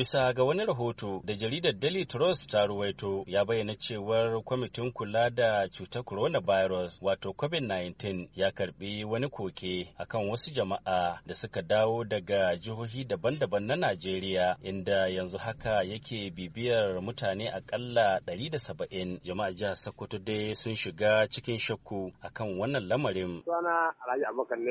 bisa ga wani rahoto da jaridar daily trust ta ruwaito ya bayyana cewar kwamitin kula da cutar coronavirus wato covid-19 ya karbi wani koke akan wasu jama'a da suka dawo daga jihohi daban-daban na najeriya inda yanzu haka yake bibiyar mutane akalla 170 jama'a jihar sokoto dai sun shiga cikin shakku akan wannan lamarin abokan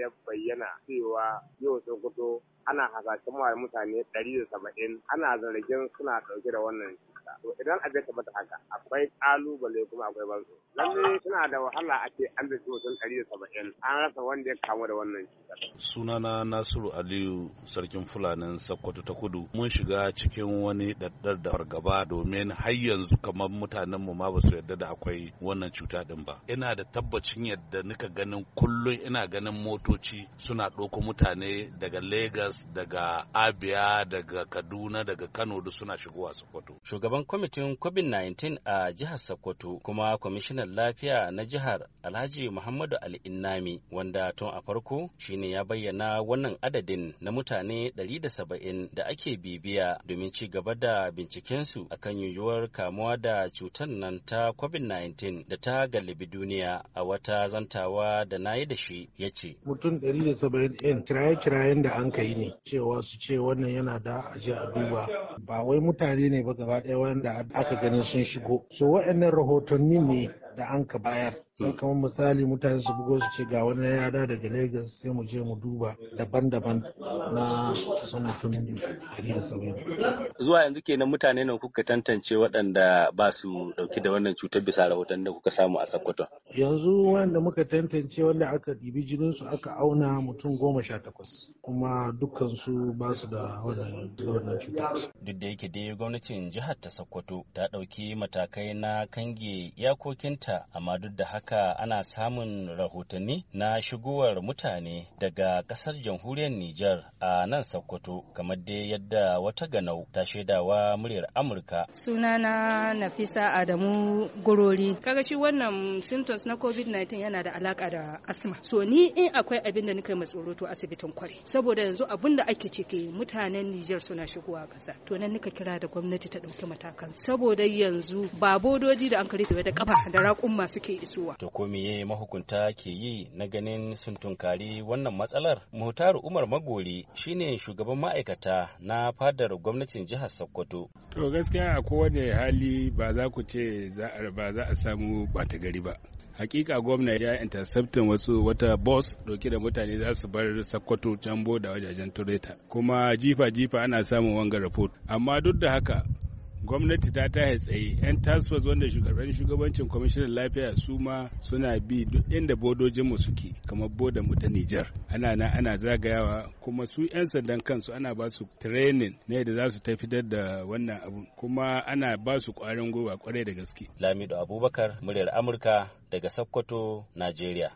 ya bayyana cewa yau sokoto ana hasashen mutane 170 ana zargin suna ɗauke da wannan haka idan a ka mata haka akwai kalubale kuma akwai banzo lalle suna da wahala a ce an da mutum ɗari da saba'in an rasa wanda ya kamu da wannan cutar. sunana nasiru aliyu sarkin fulanin sakkwato ta kudu mun shiga cikin wani ɗaɗɗar da fargaba domin har yanzu kamar mutanen mu ma ba su yarda da akwai wannan cuta din ba ina da tabbacin yadda nika ganin kullum ina ganin motoci suna ɗauko mutane daga lagos daga abia daga kaduna daga kano da suna shigowa sokoto shugaban kwamitin covid-19 a jihar sokoto kuma kwamishinan lafiya na jihar alhaji muhammadu al'innami wanda tun a farko shine ya bayyana wannan adadin na mutane 170 da ake bibiya domin ci gaba da bincikensu akan yiwuwar kamuwa da cutar nan ta covid-19 da ta galibi duniya a wata zantawa da na yi da shi ya ce mutum 170 kiraye-kirayen da an kai ne cewa su ce wannan yana da a duba ba wai mutane ne ba gaba ɗaya wanda aka ganin sun shigo so wa'annan rahotanni ne da an ka bayar don hmm. kamar misali mutane su bugo su ce ga wani yara daga lagos sai mu je mu duba daban-daban na sanatun sauyin. zuwa yanzu kenan mutane na kuka tantance waɗanda ba su ɗauki da wannan cutar bisa rahoton da kuka samu a sokoto yanzu wanda muka tantance wanda aka ɗibi jinin su aka auna mutum goma sha takwas kuma dukkan su ba su da wannan cutar duk da yake dai gwamnatin jihar ta sokoto ta ɗauki matakai na kange iyakokinta amma duk da haka haka ana samun rahotanni na shigowar mutane daga kasar jamhuriyar Nijar a nan Sokoto kamar dai yadda wata ganau ta shaidawa muryar Amurka. Sunana Nafisa Adamu Gurori. Kaga shi wannan symptoms na COVID-19 yana da alaka da asma. So ni in akwai abin da nika mai tsoro to asibitin kwari. Saboda yanzu abin da ake ciki mutanen Nijar suna shigowa kasa. To nan nika kira da gwamnati ta ɗauki matakan. Saboda yanzu ba bodoji da an karfe da kafa da raƙumma suke isowa. to ko meye mahukunta ke yi na ganin sun tunkari wannan matsalar muhtaru umar magori shine shugaban ma'aikata na fadar gwamnatin jihar sokoto to gaskiya a kowane hali ba za ku ce ba za a samu bata gari ba hakika gwamna ya interceptin wasu wata bus dauke da mutane za su bar sakkwato can da wajajen tureta kuma jifa jifa ana samun wanga rafot amma duk da haka gwamnati ta ta tsaye yan task force wanda shugaban shugabancin kwamishinan lafiya su ma suna bi duk inda bodojinmu suke kamar boda mu ta Nijar ana na ana zagayawa kuma su yan sandan kansu ana ba su training ne da za su tafitar da wannan abu kuma ana ba su kwarin gwiwa kwarai da gaske Lamido Abubakar muryar Amurka daga Sokoto Najeriya